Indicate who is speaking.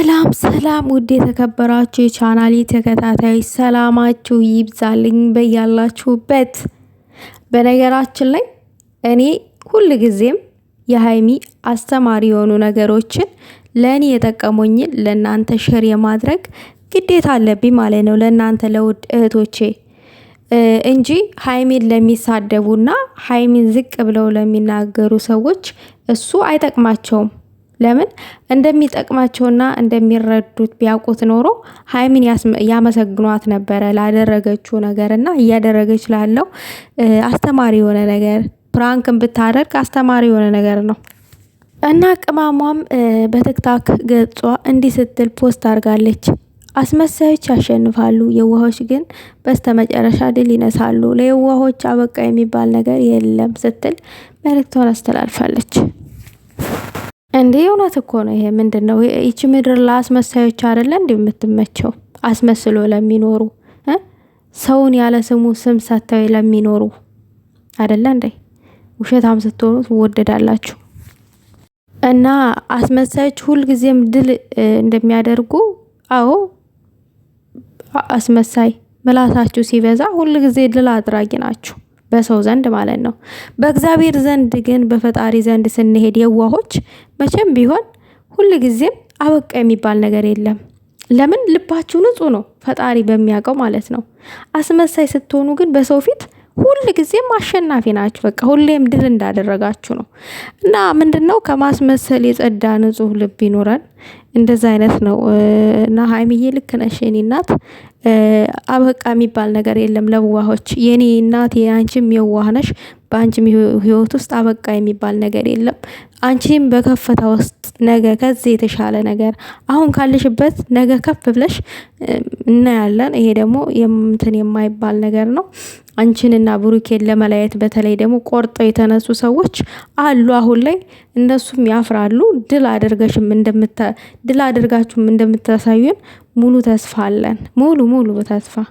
Speaker 1: ሰላም ሰላም ውድ የተከበራችሁ የቻናሌ ተከታታዮች ሰላማችሁ ይብዛልኝ በያላችሁበት። በነገራችን ላይ እኔ ሁል ጊዜም የሀይሚ አስተማሪ የሆኑ ነገሮችን ለእኔ የጠቀሙኝን ለእናንተ ሼር የማድረግ ግዴታ አለብኝ ማለት ነው ለእናንተ ለውድ እህቶቼ እንጂ ሀይሚን ለሚሳደቡና ሀይሚን ዝቅ ብለው ለሚናገሩ ሰዎች እሱ አይጠቅማቸውም። ለምን እንደሚጠቅማቸውና እንደሚረዱት ቢያውቁት ኖሮ ሀይሚን ያመሰግኗት ነበረ ላደረገችው ነገር እና እያደረገች ላለው አስተማሪ የሆነ ነገር ፕራንክን ብታደርግ አስተማሪ የሆነ ነገር ነው። እና ቅማሟም በትክታክ ገጿ እንዲህ ስትል ፖስት አድርጋለች። አስመሳዮች ያሸንፋሉ፣ የዋሆች ግን በስተመጨረሻ ድል ይነሳሉ። ለየዋሆች አበቃ የሚባል ነገር የለም ስትል መልእክቷን አስተላልፋለች። እንዴ እውነት እኮ ነው። ይሄ ምንድን ነው? ይቺ ምድር ለአስመሳዮች አደለ እንዴ የምትመቸው? አስመስሎ ለሚኖሩ ሰውን ያለ ስሙ ስም ሰጥተው ለሚኖሩ አደለ እንዴ? ውሸታም ስትሆኑ ትወደዳላችሁ። እና አስመሳዮች ሁልጊዜም ድል እንደሚያደርጉ አዎ፣ አስመሳይ ምላሳችሁ ሲበዛ ሁልጊዜ ድል አድራጊ ናችሁ። በሰው ዘንድ ማለት ነው። በእግዚአብሔር ዘንድ ግን በፈጣሪ ዘንድ ስንሄድ የዋሆች መቼም ቢሆን ሁል ጊዜም አበቃ የሚባል ነገር የለም። ለምን ልባችሁ ንጹህ ነው፣ ፈጣሪ በሚያውቀው ማለት ነው። አስመሳይ ስትሆኑ ግን በሰው ፊት ሁል ጊዜም አሸናፊ ናችሁ። በቃ ሁሌም ድል እንዳደረጋችሁ ነው። እና ምንድን ነው ከማስመሰል የጸዳ ንጹህ ልብ ይኖረን። እንደዛ አይነት ነው እና ሀይሚዬ ልክ ነሽ የኔ እናት። አበቃ የሚባል ነገር የለም ለዋሆች። የኔ እናት የአንቺም የዋህ ነሽ፣ በአንቺም ህይወት ውስጥ አበቃ የሚባል ነገር የለም። አንቺም በከፍታ ውስጥ ነገ ከዚህ የተሻለ ነገር አሁን ካለሽበት ነገ ከፍ ብለሽ እናያለን። ይሄ ደግሞ እንትን የማይባል ነገር ነው። አንቺንና ብሩኬን ለመለየት በተለይ ደግሞ ቆርጠው የተነሱ ሰዎች አሉ። አሁን ላይ እነሱም ያፍራሉ። ድል አድርገሽም ድል አድርጋችሁም እንደምታሳዩን ሙሉ ተስፋ አለን። ሙሉ ሙሉ ተስፋ